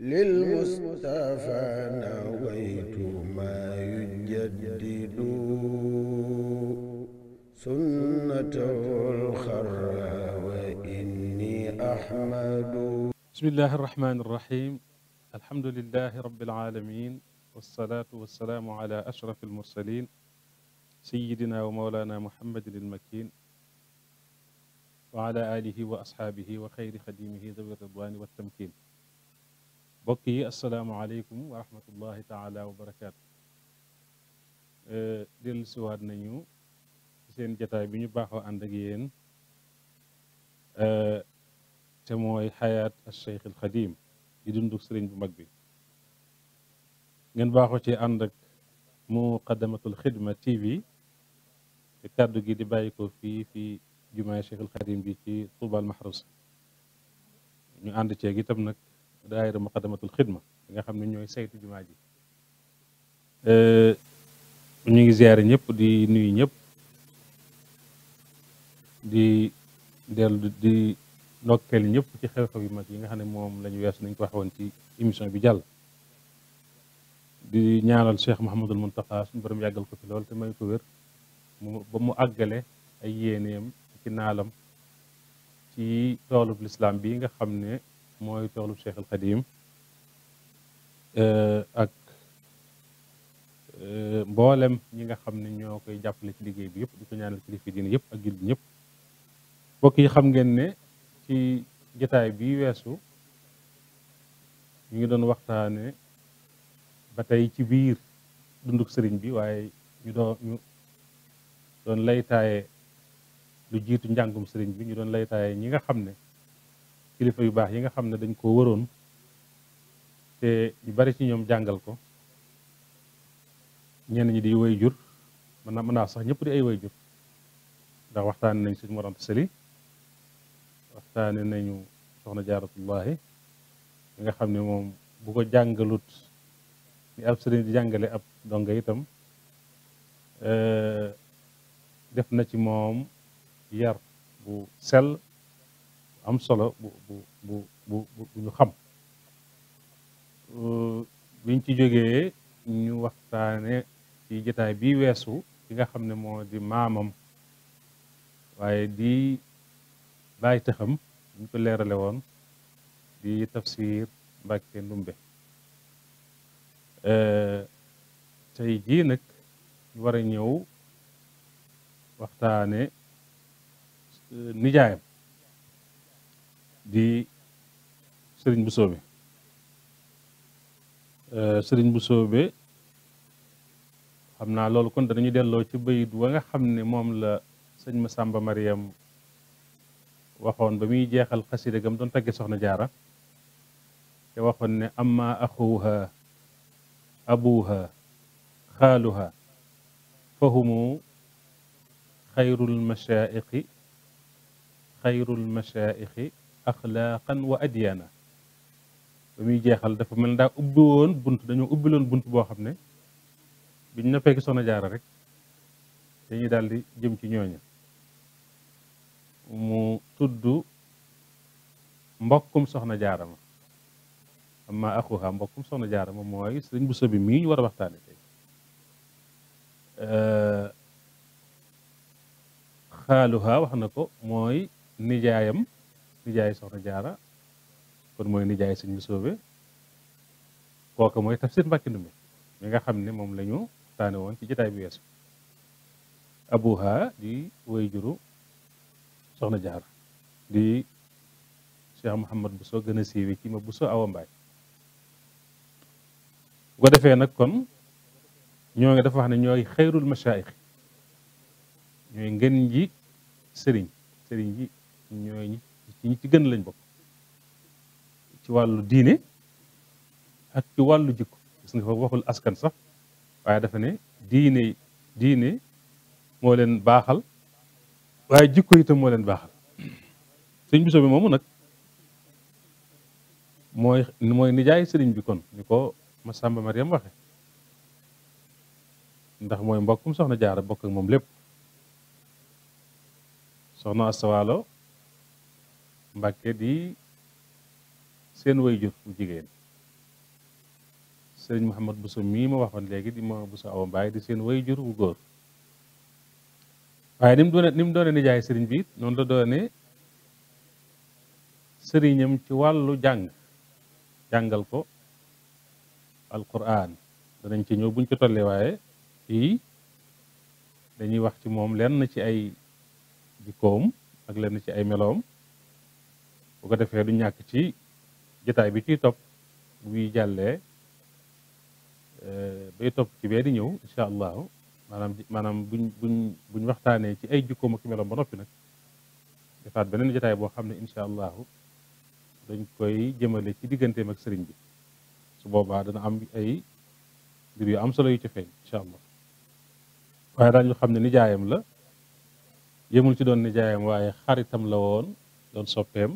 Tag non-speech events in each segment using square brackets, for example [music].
للمصطفى نويت ما يجدد سنته الخرى وإني أحمد بسم الله الرحمن الرحيم الحمد لله رب العالمين والصلاة والسلام على أشرف المرسلين سيدنا ومولانا محمد المكين وعلى آله وأصحابه وخير خديمه ذوي الرضوان والتمكين mbokk yi asalaamaaleykum wa rahmatullahi taala wa barakaatu eh, dellu siwaat nañu seen jataay bi ñu baaxoo ànd ak yéen eh, te mooy xayaat Cheikh al Xadim di dunduk sëriñ bu mag bi ngeen baaxo ci ànd ak muqaddamatul xidma TV te gi di bàyyi ko fii fii jumaay Cheikh al Xadim bi ci Tuubal Maxrus ñu ànd ceeg itam nag daayira muqaddamatul xidma di nga xam ne ñooy saytu jumaa ji ñu ngi ziare ñëpp di nuyu ñëpp di di ndokkeel ñëpp ci xew-xew yu mag yi nga xam ne moom lañu wees weesu nañ ko waxoon ci émission bi jàll di ñaanal Cheikh Mouhamadul Mountakha suñu borom yàggal ko fi lool te may ko wér mu ba mu àggale ay yéeneem ci naalam ci toolub lislaam bi nga xam ne mooy toolu Cheikh al Xadim eh, ak eh, mboolem ñi nga xam ne ñoo koy jàppale ci liggéey bi yëpp di ko ñaanal kilifa diine yëpp ak jullit ñëpp mbokk yi xam ngeen ne ci jotaay bi weesu ñu ngi doon waxtaane ba tey ci biir dunduk sëriñ bi waaye ñu doon laytaaye lu jiitu njàngum sëriñ bi ñu doon laytaaye ñi nga xam ne kilifa yu baax yi nga xam ne dañ koo waroon te ñu bari ci ñoom jàngal ko ñenn ñi di way jur mën naa mën naa sax ñëpp di ay way jur ndax waxtaane nañ suñ morant seli waxtaane nañu soxna jaaratullahi yi nga xam ne moom bu ko jàngalut ni ab di jàngale ab donga itam eh, def na ci moom yar bu sell am solo bu bu bu bu ñu xam euh, biñ ci jógee ñu waxtaane ci jataay bii weesu ki nga xam ne moo di maamam waaye di bàyyi taxam ñu ko leerale woon di tafsir Mbàkke Ndumbe euh, tey jii nag ñu war a ñëw waxtaane euh, nijaayam di sëriñ bu soobe sëriñ bu soobe xam naa loolu kon danañu delloo ci bayit wa nga xam ne moom la sëñ Masamba Mariam waxoon ba muy jeexal xasida gam doon tagge soxna jaara te waxoon ne amma axuha abuha xaaluha fahumu xayrul mashaaiqi xayrul mashaaiqi axlaaqan wa adyaana ba muy jeexal dafa mel daa ubbi woon bunt dañoo ubbi loon bunt boo xam ne biñ noppee ki soxna jaara rek dañuy daal di jëm ci ñooña mu tudd mbokkum soxna jaara ma amma axuha mbokkum soxna jaara ma mooy sëriñ bu sobi mii ñu war a waxtaane tey xaaluha wax na ko mooy nijaayam nijaay soxna jaara kon mooy nijaay sëñ bu soobe kooka mooy tafsir mbàkki ndumbe mi nga xam ne moom la ñu woon ci jotaay bi weesu abuha di woy juru soxna jaara di cheikh mouhamad bu soo gën a siiwe ci ma bu soo awa mbaay bu defee nag kon ñoo ngi dafa wax ne ñooy xayrul machaayix ñooy ngën ji sëriñ sëriñ ji ñooy ci ñi ci gën lañ bokk ci wàllu diine ak ci wàllu jikko gis nga fa waxul askan sax waaye dafa ne diine diine moo leen baaxal waaye jikko itam moo leen baaxal sëñ biso bi moomu nag mooy mooy nijaay sëriñ bi kon ni ko Masamba Mariam waxe ndax mooy mbokkum soxna jaara bokk ak moom lépp soxna astawaalo Mbàkke di seen wayjur bu jigéen sëriñ Mouhamad Bousso mii ma waxoon léegi di ma Bousso Awa Mbaye di seen wayjur bu góor waaye ni mu doone ni mu sëriñ bi noonu la doone sëriñam ci wàllu jàng jàngal ko alquran danañ ci ñëw buñ ci tollee waaye fii dañuy wax ci moom lenn ci ay jikkoom ak lenn ci ay meloom bu ko defee du ñàkk ci jataay bi ciy topp buy jàllee euh, bay topp ci bee di ñëw incha allahu maanaam maanaam buñ buñ buñ waxtaanee ci ay jikkoom ak meloom ba noppi nag defaat beneen jataay boo xam ne incha allahu dañ koy jëmale ci digganteem ak sëriñ bi su boobaa dana am ay mbir yu am solo yu ci feeñ incha allah waaye daal ñu xam ne nijaayam la yëmul ci doon nijaayam waaye xaritam la woon doon soppeem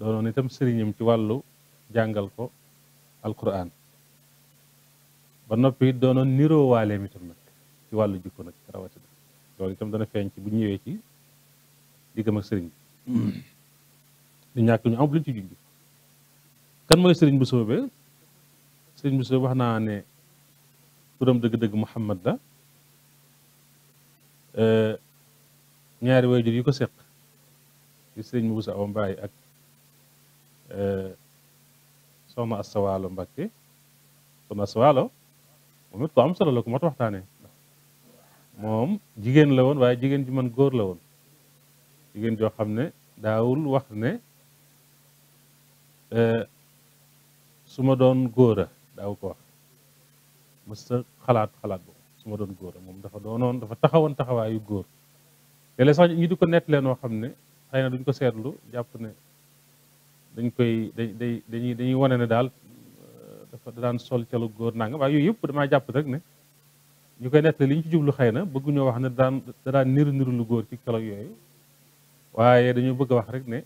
doonoon itam sëriñam ci wàllu jàngal ko alquran ba noppi it doonoon niroo waaleem itam nag ci wàllu jikko nag rawatina loolu itam dana feeñ ci bu ñëwee ci diggam ak sëriñ bi du ñàkk ñu am luñ ci junj kan mooy sëriñ bu soobee sëriñ bu soobee wax naa ne turam dëgg-dëgg Muhammad la ñaari waajur yi ko seq di sëriñ Moussa Awa Mbaye ak Eh, soxna Asta Waalo Mbakke soxna Asta Waalo moom it ko am solo la ko mat waxtaanee moom jigéen la woon waaye jigéen ji man góor la woon jigéen joo xam ne daawul wax ne eh, su ma doon góora daaw ko wax mës sa xalaat xalaat boobu su ma doon góora moom dafa doonoon dafa taxawoon taxawaayu góor léeg-léeg sax ñi di ko nettalee noo xam ne xëy na duñ ko seetlu jàpp ne dañ koy da dañuy wone ne daal euh, dafa daan sol calu góor nanga waaye yooyu yëpp damaa jàpp rek ne ñu koy nettali li ñu ci jublu xëy na bëgguñoo wax ne daan da daan niru niru lu góor ci kelo yooyu waaye dañu bëgg a wax rek ne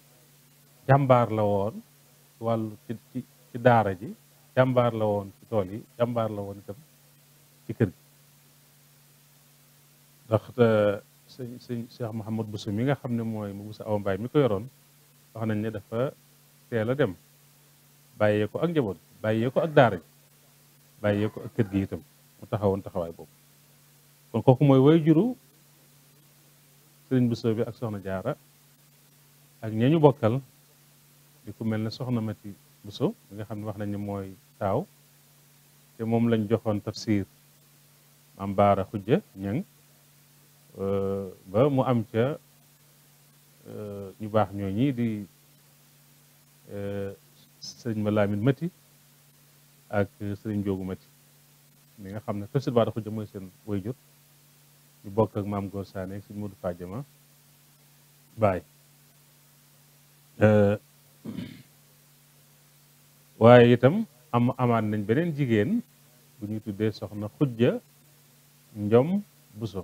jàmbaar la woon ci wàllu ci daara ji jàmbaar la woon ci tool yi jàmbaar la woon itam ci kër gi ndax euh, sëñ sëñ Cheikh Mouhamad Bousso mi nga xam ne mooy mu Bousso Awa Mbaye mi ko yoroon wax nañ ne dafa teel dem bàyyee ko ak njaboot bàyyee ko ak daara ji bàyyee ko ak kër gi itam mu taxawoon taxawaay boobu kon kooku mooy way juru sëriñ bu bi ak soxna jaara ak ñeñu bokkal di ku mel ne soxna mati Buso mi nga xam ne wax nañ ne mooy taaw te moom lañ joxoon tafsir maam baara xujja ñang euh, ba mu am ca euh, ñu baax ñoo ñi di sëriñ ma laamin mati ak sëriñ joogu mati mi nga xam ne tafsir baa dafa jëm mooy seen wayjur ñu bokk ak maam Góor Saane ak sëriñ Modou Fadiama baay euh, waaye itam am amaat nañ beneen jigéen bu ñu tuddee soxna xujja njom buso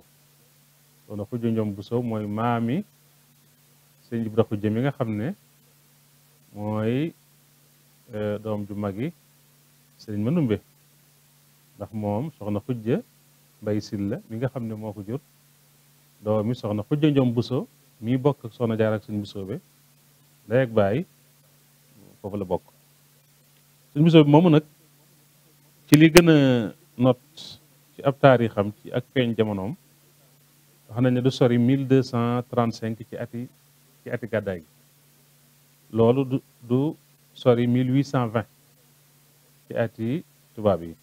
soxna xujja njom buso mooy maami sëriñ Ibra xujja mi nga xam ne mooy e, doom ju mag yi sëriñ Manumbe ndax moom soxna xujja mbay silla mi nga xam ne moo ko jur doom mi soxna xujja njom buso mii bokk ak soxna jaar ak suñ busoo be ak baay foofu la bokk suñ busoo bi moomu nag ci li gën a not ci ab taarixam ci ak feeñ jamonoom wax na ne du sori mille deux cent trente cinq ci ati ci ati gàddaay gi loolu du du sori 1820 ci ati tubaab yi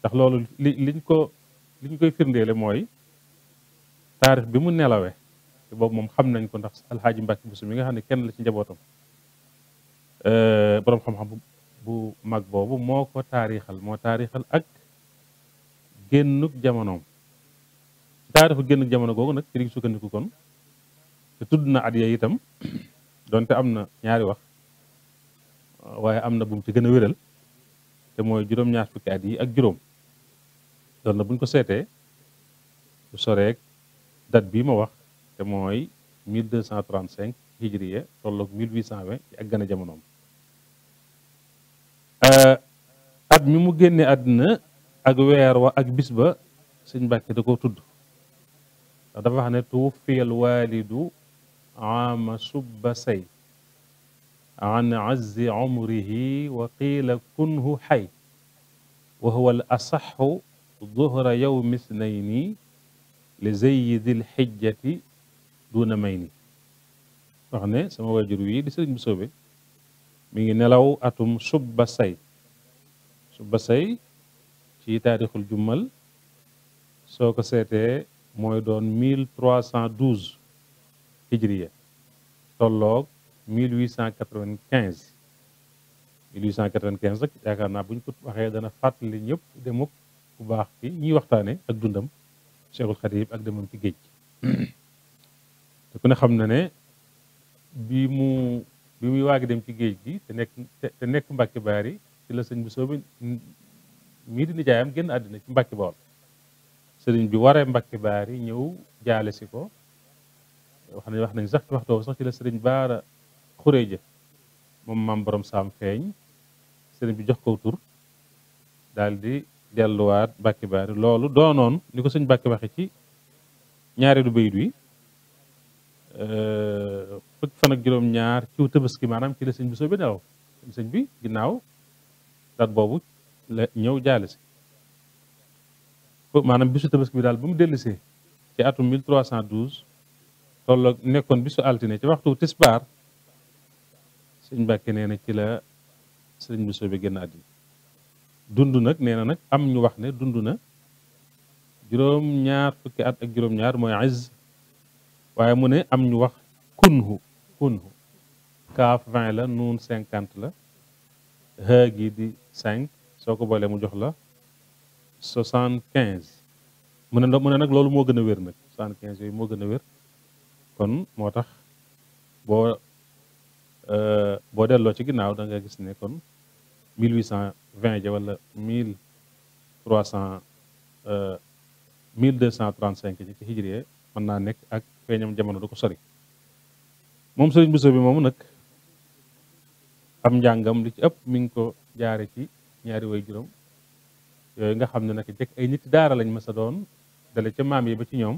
ndax loolu li liñ ko liñ koy firndeele mooy taarix bi mu nelawe boobu moom xam nañ ko ndax alxaaji Mbàkke Buso mi nga xam ne kenn la ci njabootam euh, boroom xam-xam bu mag boobu moo ko taarixal moo taarixal ak génnuk jamonoom taarixu génnuk jamono googu nag ci lañ sukkandiku kon te tudd na at yee itam donte am na ñaari wax waaye am na bum mu ci gën a wéral te mooy juróom-ñaar fukki at yi ak juróom loolu na buñ ko seetee bu soreek date bii ma wax te mooy 1235 hijriya tolloog 1820 ci ak gën a jamonoom euh, at mi mu génne àddina ak weer wa ak bis ba sëñ Mbàkke da koo tudd dafa wax ne tuufiyal waalidu aama subba say an azzi umrihi wa qiila kunhu xay wa huwa al asaxu duhra yawmi ithnayni li zayidi l xijjati duuna may ni wax ne sama waajur wi di sëriñ bu soobe mi ngi nelaw atum subba say subba say ci taarixul jummal soo ko seetee mooy doon mille trois cent douze hijriya tolloog 1895 1895 rek yaakaar naa bu ñu ko waxee dana fàttali ñëpp demuk bu baax fi ñuy waxtaane ak dundam Cheikhul Khatib ak demam ci géej hmm. te ku ne xam na ne bi mu bi muy waagi dem ci géej gi te nekk te nekk Mbàkke ci la sëñ bu soobi mii di nijaayam génn àddina ci Mbàkke Bawol sëriñ bi waree baar yi ñëw jaale si ko wax nañ wax nañ sax waxtu boobu sax ci la sëriñ baara xureeja moom maam borom saam feeñ sëriñ bi jox ko tur daal di delluwaat bàkki baari loolu doonoon ni ko sëñ bàkki waxe ci ñaareelu bayit wi fukk fan ak juróom-ñaar ciw tabaski maanaam ci la sëñ bi soo bi nelaw sëñ bi ginnaaw dat boobu la ñëw jaale si maanaam bisu tabaski bi daal ba mu dellisee ci atum 1312 tolloog nekkoon bi su altine ci waxtu tisbaar sëñ Mbàkke nee na ci la sëñ Bousso bi génn àddina dund nag nee na nag am ñu wax ne dund na juróom-ñaar fukki at ak juróom-ñaar mooy iz waaye mu ne am ñu wax kunhu kunhu kaaf vingt la nuun cinquante la hë gi di cinq soo ko boolee mu jox la soixante quinze mu ne mu ne nag loolu moo gën a wér nag soixante quinze yooyu moo gën a wér kon moo tax boo euh, boo delloo ci ginnaaw da nga gis ne kon 1820 ja wala 1300 1235 ji ci hijriye mën naa nekk ak feeñam jamono du ko sori moom sëriñ Bousso bi moomu nag am njàngam li ci ëpp mi ngi ko jaare ci ñaari way juróom yooyu nga xam ne nag jëkk ay nit daara lañ mës doon dale ca maam yi ba ci ñoom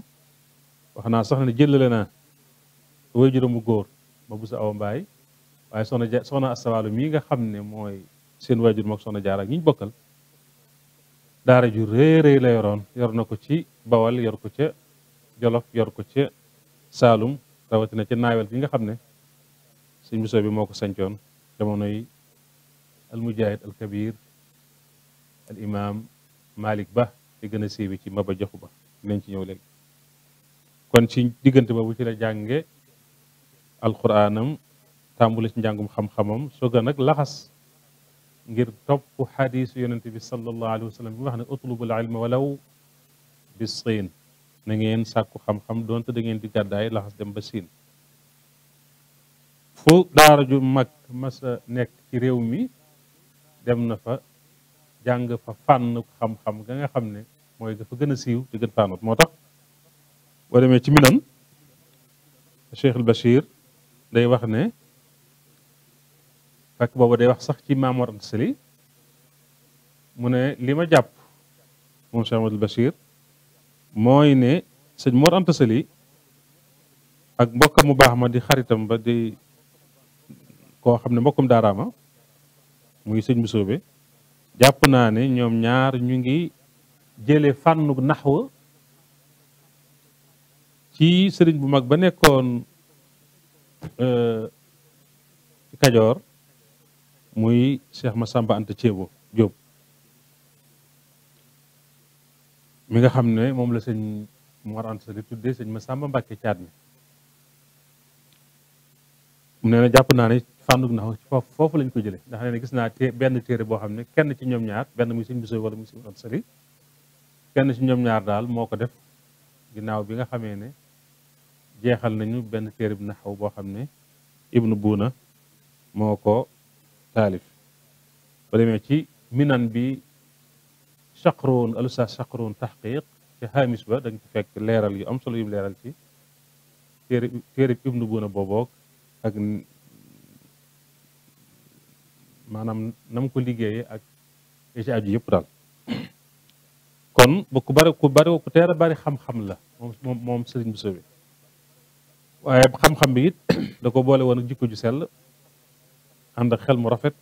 wax naa sax ne jëlale naa way juróom mu góor ma busa aw mbaay waaye soxna ja soxna astawalu mii nga xam ne mooy seen waajur mook soxna jaar ak ñu bokkal daara ju rëy rëy la yoroon yor na ko ci bawal yor ko ca jolof yor ko ca saalum rawatina ca naawel bi nga xam ne sëñ Bousso bi moo ko sancoon jamonoy al mujahid al kabir al imam malik ba te gën ci maba joxu ba dinañ ci ñëw léegi kon ci diggante boobu ci la jànge alquraanam tàmbuli ci njàngum xam-xamam soga nag laxas ngir topp xadiisu yonent bi sallallahu alayhi wa bi wax ne utlubul ilma walaw bi siin na ngeen sàkku xam-xam doonte da ngeen di gàddaay laxas dem ba siin fu daara ju mag masa nekk ci réew mi dem na fa jàng fa fànn xam-xam ga nga xam ne mooy ga fa gën a siiw di moo tax boo ci minan Cheikh al Bachir day wax ne fekk boobu day wax sax ci Maamoor Anta Sali mu ne li ma jàpp moom Cheikh Amadou Bachir mooy ne sëñ Mor Anta Sali ak mbokkam mu baax ma di xaritam ba di koo xam ne mbokkum daaraama muy sëñ Mbusoobe jàpp naa ne ñoom ñaar ñu ngi jële fànnu naxwa ci sëriñ bu mag ba nekkoon Euh, Kajoor muy ma Massamba Anta Thiebo Diop mi nga xam ne moom la sëñ Mor Anta Sali tuddee sëñ Massamba Mbàkke caat mi mu nee na jàpp naa ne fànnug na ci foofu lañ ko jële ndax nee na gis naa té benn téere boo xam ne kenn ci ñoom ñaar benn muy sëñ Bousso wala muy sëñ Anta Sali kenn ci ñoom ñaar daal moo ko def ginaaw bi nga xamee ne jeexal nañu benn téere bi naxaw boo xam ne ibnu buuna moo ko taalif ba demee ci minan bi chaqroon alusa chaqroon taxqiq ci xaamis ba da fekk leeral yu am solo yu leeral ci téere téere bi ibnu buuna booboog ak maanaam nam ko liggéeyee ak ci aju yëpp daal kon bu ku bari ku bari ku teel a bari xam-xam la moom moom sëriñ bi waaye xam-xam bi [clears throat] da ko boole woon ak jikko ju sell ànd xel mu rafet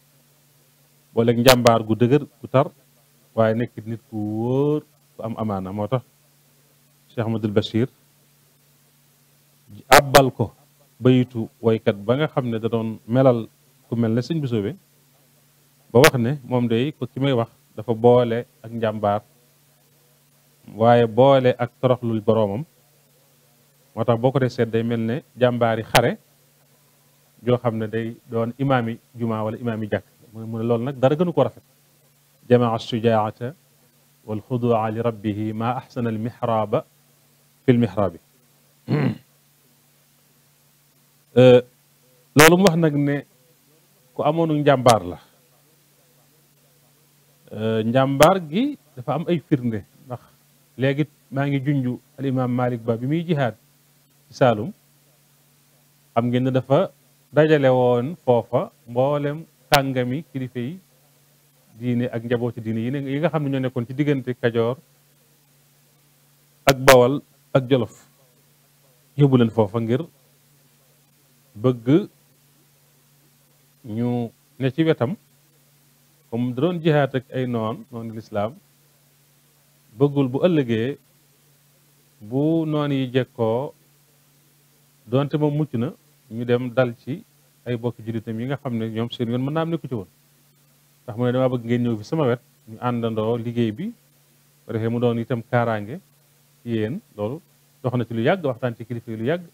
booleeg njàmbaar gu dëgër gu tar waaye nekk nit ku wóor am amaana moo tax Cheikh Ahmadul Bachir àbbal ko bayitu woykat ba nga xam ne da doon melal ku mel ne sëñ Bisoobé ba wax ne moom de ko ki may wax dafa boole ak njàmbaar waaye boole ak toroxlul boroomam moo tax boo ko dee seet day mel ne jàmbaari xare joo xam ne day doon imaami juma wala imaami jàkk mu ne loolu nag dara ganu ko rafet jamaa sujaata walxudua li rabbihi ma axsana almixraaba fi lmixraabi [clears throat] euh, loolu mu wax nag ne ku amoonu njàmbaar la euh, njàmbaar gi dafa am ay firnde ndax léegi maa ngi junju al imam malik ba bi muy jihaad Saalum xam ngeen dafa dajale foofa mboolem kàngami kilifa yi diine ak njabooti diine yi nga xam ne ñoo nekkoon ci diggante Kajoor ak Bawal ak Jolof yóbbu leen foofa ngir bëgg ñu ne ci wetam comme da doon jihaat ay noon noonu lislaam bëggul bu ëllëgee bu noon yi jekkoo donte moom mucc na ñu dem dal ci ay bokki jullitam yi nga xam ne ñoom seen yoon mën naa am nekku ci woon ndax mu ne damaa bëgg ngeen ñëw fi sama wet ñu àndandoo liggéey bi mu doon itam kaaraange ci yéen loolu dox ci lu yàgg waxtaan ci kilifa lu yàgg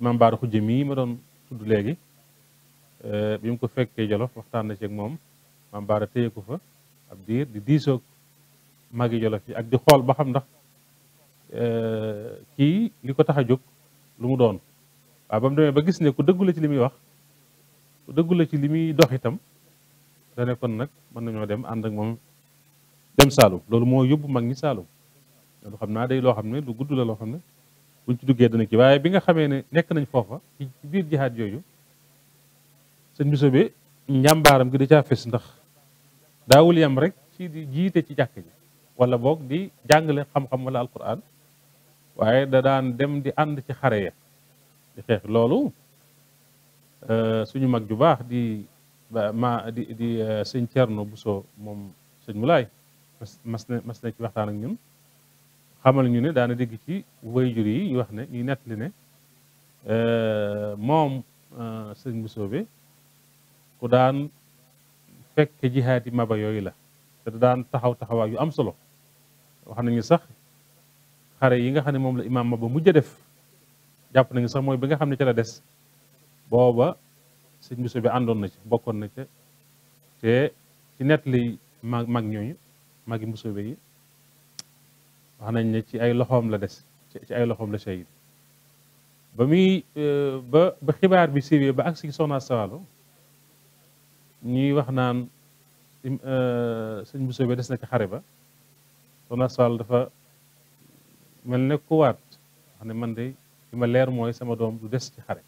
maam Baara Xujje mii ma doon tudd léegi euh, bi mu ko fekkee Jolof waxtaan na moom maam Baara ko fa ab diir di diisoog magi Jolof yi ak di xool ba xam ndax euh, kii li ko tax a jóg lu mu doon waaw ba mu demee ba gis ne ku dëggula ci li muy wax ku dëggu ci li muy dox itam dane kon nag mën nañoo dem ànd ak moom dem Saalum loolu moo yóbbu mag ñi Saalum loolu xam naa day loo xam ne lu gudd la loo xam ne buñ ci duggee dana ki waaye bi nga xamee ne nekk nañ foofa ci biir jihaat yooyu sëñ biso bi njàmbaaram gi da caa fes ndax daawul yam rek ci di jiite ci jàkk ji wala boog di jàngale xam-xam wala alquran waaye da daan dem di ànd ci xare ya di xeex loolu euh, suñu mag ju baax di ma di di euh, sëñ Thierno Bousso moom sëñ Moulay mas na mas ci waxtaan ak ñun xamal ñu ne daana dégg ci wayjur yi ñu wax ne nett li ne euh, moom sëñ Bousso bi ku daan fekk jihaati maba yooyu la te daan taxaw taxawaay yu am solo wax nañu sax xare yi nga xam ne moom la imaam Maba mujj def jàpp nañu sax mooy ba nga xam ne ca la des booba sëñ Bousso bi àndoon na ci bokkoon na ca te ci nettali mag mag ñooñu magi Bousso yi wax nañ ne ci ay loxoom la des ci ay loxoom la shahid ba muy euh, ba ba xibaar bi siiwee ba agsi soxna Sawalo ñuy wax naan euh, sëñ Bousso bi des na ci xare ba soxna Sawalo dafa mel ne ku waat wax ne man de li ma leer mooy sama doom du des ci xare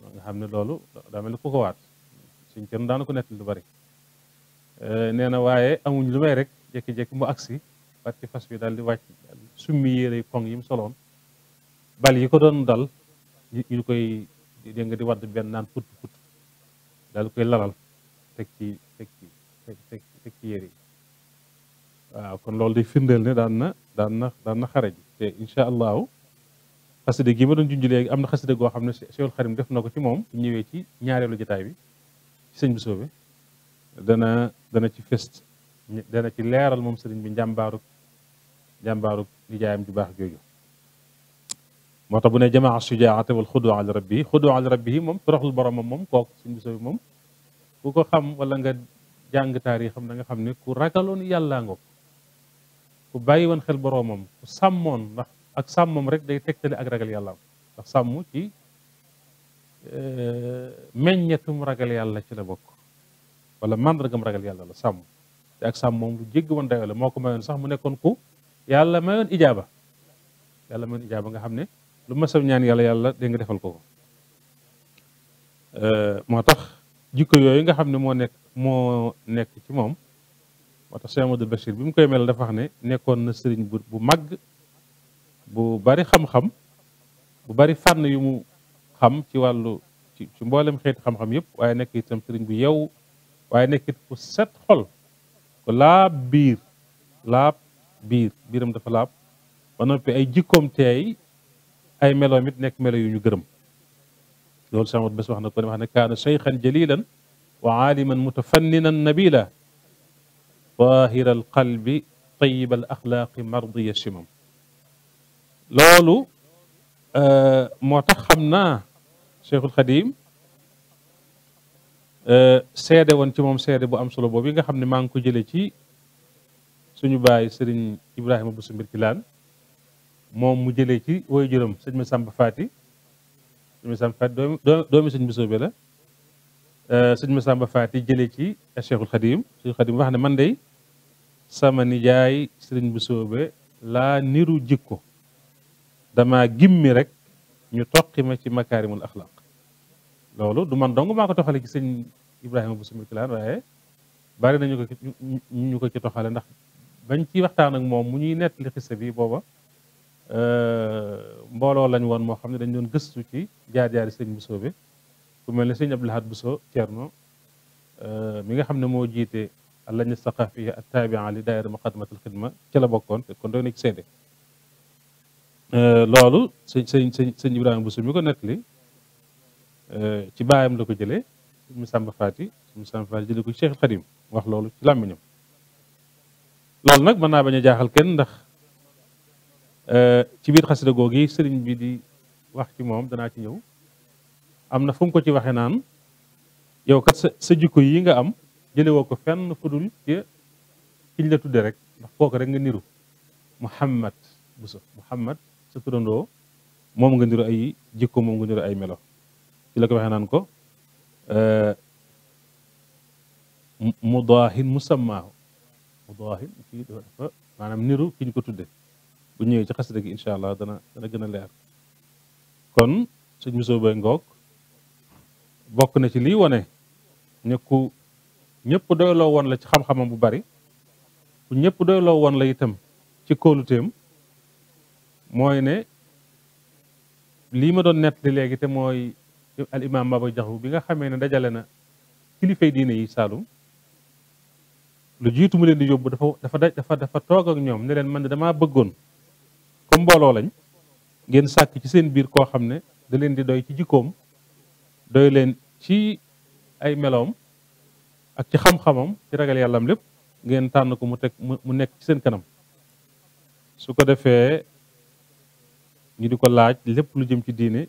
nga xam ne loolu daa mel ne ku ko waat suñ kër daana ko nett lu bari eh, nee na waaye amuñ lu may rek jékki-jékki mu agsi war ci fas bi daal di wàcc summi yére koŋ yi mu soloon bal yi ko doon dal ñu koy dégg di wadd benn naan put put daal di koy lalal teg ci teg ci yére yi waaw kon loolu di firndeel ne daan na daan na na xare ji te incha allahu xaside gi ma doon junj léegi am na xaside goo xam ne Cheikhul Xadim def na ko ci moom ñëwee ci ñaareelu jataay bi ci sëñ bi soobe dana dana ci fest dana ci leeral moom sëriñ bi njàmbaaruk njàmbaaruk nijaayam ju baax jooju moo tax bu ne jamaa sujaata wal xudu ala rabbi xudu ala rabbi moom toroxlu boromam moom kooku sëñ bi soobe moom ku ko xam wala nga jàng taarixam da nga xam ne ku ragaloon yàllaa ngoog ku bàyyi woon xel boroomam ku sàmmoon ndax ak sàmmam rek day tegtale ak ragal yàlla ndax sàmm ci eh, meññetum ragal yàlla ci la bokk wala màndargam ragal yàlla la sàmm te ak sàmm moom lu jégg woon dayoo la moo ko mayoon sax mu nekkoon ku yàlla mayoon ijaaba yàlla mayoon ijaaba nga xam ne lu masam ñaan yàlla yàlla dégg nga defal ko ko eh, moo tax jikko yooyu nga xam ne moo nekk moo nekk ci moom moo tax Cheikh Amadou Bachir bi mu koy mel dafa wax ne nekkoon na sëriñ bu bu màgg bu bari xam-xam bu bari fànn yu mu xam ci wàllu ci mboolem xeeti xam-xam yëpp waaye nekk itam sëriñ bu yew waaye nekk it ku set xol ku laab biir laab biir biiram dafa laab ba noppi ay jikkoom teey ay meloom it nekk melo yu ñu gërëm loolu Cheikh Amadou Bachir wax na ko ne wax ne kaana cheykhan jalilan wa aaliman nabila daahira al qalbi tayib al axlaaqi mardiya simam loolu euh, moo tax xam naa Cheikhul Xadim euh, seede woon ci moom seede bu am solo boobu nga xam ne maa ngi ko jële ci suñu baay sëriñ Ibrahima Bousso Mbirkilaan moom mu jëlee ci woy juróom sëñ ma Samba Faati sëñ ma Samba Faati doomi doomi sëñ Bousso bi la euh, sëñ ma Samba Faati jëlee ci Cheikhul Xadim Cheikhul Xadim wax ne man dey sama nijaay sëriñ bu soobe laa niru jikko dama gimmi rek ñu toqi ma ci makaarimul axlaq loolu du man dong maa ko toxale ci sëñ Ibrahima bu sumil kilaan waaye bari nañu ko ñu ko ci toxale ndax bañ ci waxtaan ak moom mu ñuy nettali xissa bi booba euh, mbooloo lañ woon moo xam ne dañ doon gëstu ci jaar-jaari sëñ bu soobe ku mel ne sëñ Abdul Ahad Buso Cerno euh, mi nga xam ne moo jiite allañ saqafiya attabia li daayira muqaddamatul xidma ci la bokkoon te kon doon nekk seede euh, loolu sëñ sëñ sëñ sëñ Ibrahima Bousso mi ko nettali euh, ci baayam la ko jëlee mu Samba Faati mu Samba Faati jëlee ko ci Cheikh Xadim wax loolu ci làmmiñam loolu nag mën naa bañ a jaaxal kenn ndax euh, ci biir xasida googu yi sëriñ bi di wax ci moom danaa ci ñëw am na fu ko ci waxe naan yow kat sa jikko yi nga am jële woo ko fenn fudul ci kiñ la tudde rek ndax kooku rek nga niru Muhammad Bousso Muhammad sa turandoo moom nga niru ay jikko moom nga niru ay melo ci la ko waxee naan ko euh, mudaahin musammaahu mudaahin kii dafa maanaam niru ki ko tudde bu ñëwee ci xas gi incha allah dana dana gën a leer kon sëñ Bousso Boye ngoog bokk na ci lii wane ne ñëpp doyloo woon la ci xam-xamam bu bari ñëpp doyloo woon la itam ci kóoluteem mooy ne lii ma doon nettali léegi te mooy al imam Maba Jaxu bi nga xamee ne dajale na kilifay diine yi Saalum lu jiitu mu leen di yóbbu dafa dafa dafa toog ak ñoom ne leen man damaa bëggoon comme mbooloo lañ ngeen sàkk ci seen biir koo xam ne da leen di doy ci jikkoom doy leen ci ay meloom ak ci xam-xamam ci ragal yàlla am lépp ngeen tànn ko mu teg mu nekk ci seen kanam su ko defee ñu di ko laaj lépp lu jëm ci diine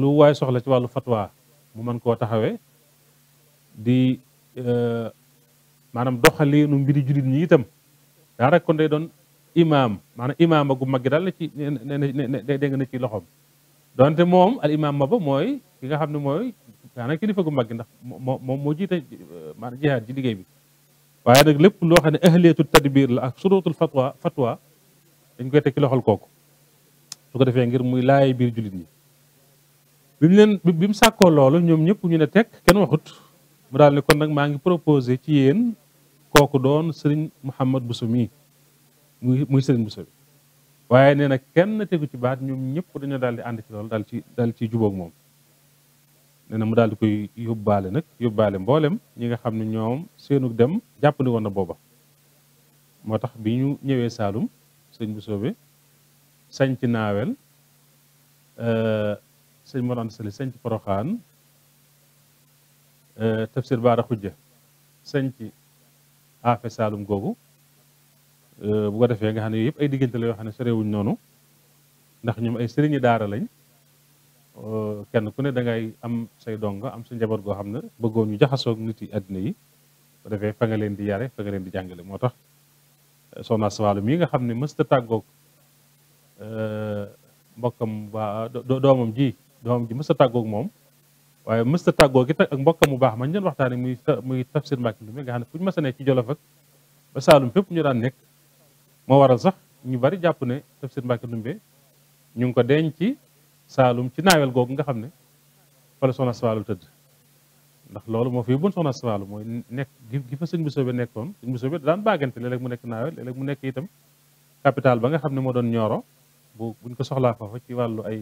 lu waay soxla ci wàllu fatwa mu mën koo taxawee di euh, maanaam doxaliinu mbiri jullit ñi itam daa rek kon day doon imaam maanaam imaam agu mag gi daal na ci loxoom donte moom al ma bo mooy ki nga xam ne mooy maanaam kilifa gu mag ndax moo moom moo jiite euh, maanaam jihaad ci liggéey bi waaye nag lépp loo xam ne ahliyatu tadbir la ak surutul fatwa fatwa dañ koy tekki loxol kooku su ko defee ngir muy laay biir jullit ñi bi mu leen bi mu sàkkoo loolu ñoom ñëpp ñu ne tekk ken waxut mu daal ne kon nag maa ngi proposé ci yéen kooku doon sëriñ Mouhamad Bousso mii muy muy sëriñ Bousso bi waaye nee na kenn tegu ci baat ñoom ñëpp dañoo daal di ànd ci loolu daal ci daal ci jubóog moom nee mu daal di koy yóbbaale nag yóbbaale mboolem ñi nga xam ne ñoom seenu dem jàppandi na booba moo tax bi ñu ñëwee Saalum sëñ bu soobe sañ ci naawel euh, sëñ Mor Anta Sali sañ ci Poroxaan euh, tafsir baara xujja sañ ci aafe Saalum googu Euh, bu ko defee nga xam ne yooyu yëpp ay diggante la yoo xam ne sorewuñ noonu ndax ñoom ay sëriñi daara lañ euh, kenn ku ne dangay am say dongo am sa njaboot goo xam ne bëggoon ñu jaxasoog nit yi àddina yi bu defee fa leen di yare fa leen di jàngale moo tax soxna Sawalu mii nga xam ne mësta tàggoog euh, mbokkam ba doomam ji doomam ji mësta tàggoog moom waaye mësta tàggoog it ak mbokkam mu baax mañ ñu waxtaan waxtaane muy muy tafsir Mbàkke mi nga xam ne fu ñu mësa ne ci Jolof ak ba Saalum fépp ñu daan nekk moo waral sax ñu bari jàpp ne Tafsir Mbacke Ndoumbé ñu ngi ko denc ci Saalum ci naawel googu nga xam ne fa la soxna Sawaalu tëdd ndax loolu moo fi yóbbuwoon soxna Sawaalu mooy nekk gi fa sëñ Bisoobé nekkoon sëñ Bisoobé daan baagante léeg-léeg mu nekk naawel léeg-léeg mu nekk itam capital ba nga xam ne moo doon ñooro bu ko soxlaa foofa ci wàllu ay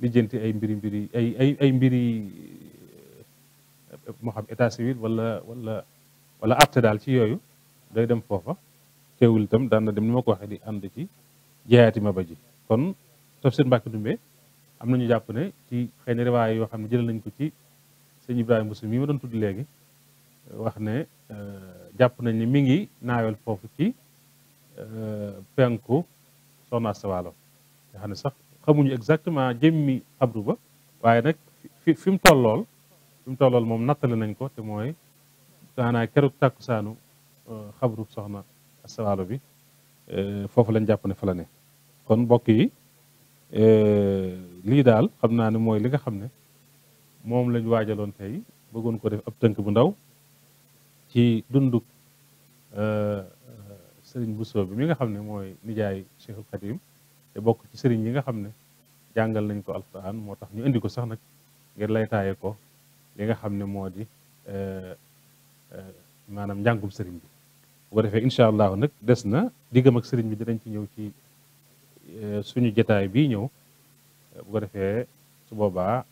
lijjanti ay mbiri mbiri ay ay ay mbiri moo xam état civil wala wala wala àtte daal ci yooyu day dem foofa teewul itam daan dem ni ma ko waxee di ànd ci jeexaati ma ba ji kon tafsir Mbàkke Ndumbe am nañu jàpp ne ci xëy na yoo xam ne jël nañ ko ci sëñ Ibrahima Muslim mi ma doon tudd léegi euh, wax ne euh, jàpp nañ ne mi ngi naawel foofu ci euh, penku soxna Asta Waalo nga xam ne sax xamuñu exactement jëmmi xabru ba waaye nag fi fi mu tollool fi mu tollool moom nattale nañ ko te mooy daanaa keroog tàkkusaanu xabru soxna asalaalo bi euh, foofu lañ jàpp ne fa ne kon mbokk yi euh, lii daal xam naa ni mooy li nga xam ne moom lañ waajaloon tey bëggoon ko def ab tënk bu ndaw ci dunduk euh, sëriñ bu Bousso bi mi nga xam ne mooy nijaay Cheikhul Khadim te bokk ci sëriñ yi nga xam ne jàngal nañ ko alquran moo tax ñu indi ko sax nag ngir lay taaye ko li nga xam ne moo di maanaam njàngum sëriñ bi bu ko defee incha allah nag des na diggam ak sëriñ bi danañ ci ñëw ci euh, suñu jataay bi ñëw bu ko defee su boobaa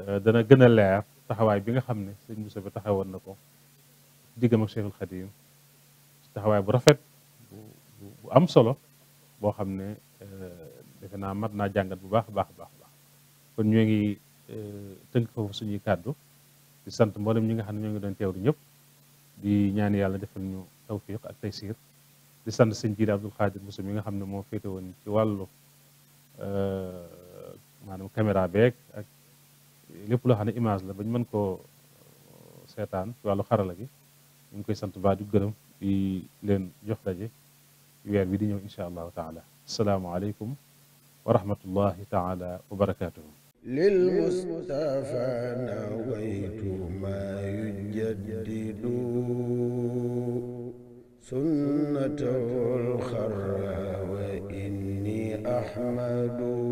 euh, dana gën a leer taxawaay bi nga xam ne sëriñ Moussa bi taxawoon na ko diggam ak Cheikhul Khadim taxawaay bu rafet bu am solo boo xam ne euh, defe naa mat naa jàngat bu baax baax baax baax kon ñoo ngi tënk foofu suñuy kàddu di sant mboolem ñi nga xam ne ñoo ngi doon teewlu ñëpp di ñaan yàlla defal ñu tawfiq ak sant sëñ jiidi Abdul Xaadir xam ne moo féete won ci wàllu euh, maanaam caméra beeg ak lépp loo xam ne image la bañ man mën koo euh, seetaan ci wàllu xarala gi ñu ngi koy sant baa di gërëm di leen jox daje weer bi di ñëw incha allahu taala asalaamaaleykum wa rahmatullahi taala wa سنته الخرى وإني أحمد